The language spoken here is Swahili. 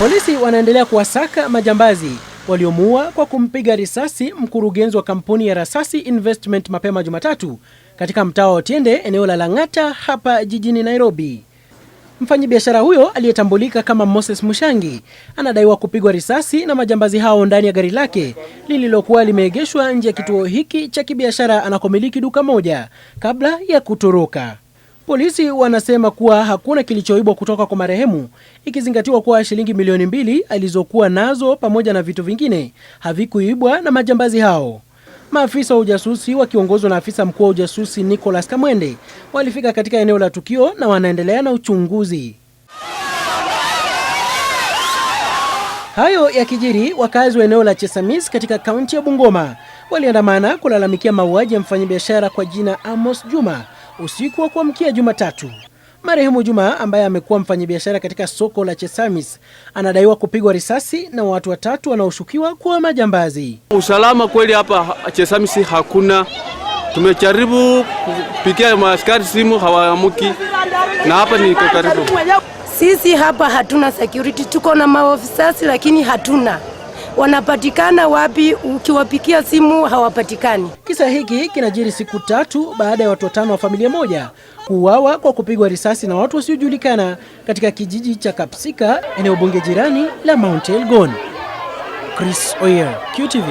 Polisi wanaendelea kuwasaka majambazi waliomuua kwa kumpiga risasi mkurugenzi wa kampuni ya Rasasi Investment mapema Jumatatu katika mtaa wa Otiende eneo la Lang'ata hapa jijini Nairobi. Mfanyabiashara huyo aliyetambulika kama Moses Mushangi anadaiwa kupigwa risasi na majambazi hao ndani ya gari lake lililokuwa limeegeshwa nje ya kituo hiki cha kibiashara anakomiliki duka moja kabla ya kutoroka. Polisi wanasema kuwa hakuna kilichoibwa kutoka kwa marehemu ikizingatiwa kuwa shilingi milioni mbili alizokuwa nazo pamoja na vitu vingine havikuibwa na majambazi hao. Maafisa wa ujasusi wakiongozwa na afisa mkuu wa ujasusi Nicholas Kamwende walifika katika eneo la tukio na wanaendelea na uchunguzi. Hayo ya kijiri wakazi wa eneo la Chesamis katika kaunti ya Bungoma waliandamana kulalamikia mauaji ya mfanyabiashara kwa jina Amos Juma Usiku wa kuamkia Jumatatu, marehemu Juma ambaye amekuwa mfanyabiashara katika soko la Chesamis anadaiwa kupigwa risasi na watu watatu wanaoshukiwa kuwa majambazi. Usalama kweli hapa Chesamis hakuna, tumejaribu kupigia maaskari simu hawaamuki, na hapa ni karibu. Sisi hapa hatuna security, tuko na maofisasi lakini hatuna wanapatikana wapi? Ukiwapikia simu hawapatikani. Kisa hiki kinajiri siku tatu baada ya watu watano wa familia moja kuuawa kwa kupigwa risasi na watu wasiojulikana katika kijiji cha Kapsika, eneo bunge jirani la Mount Elgon. Chris Oyer, QTV.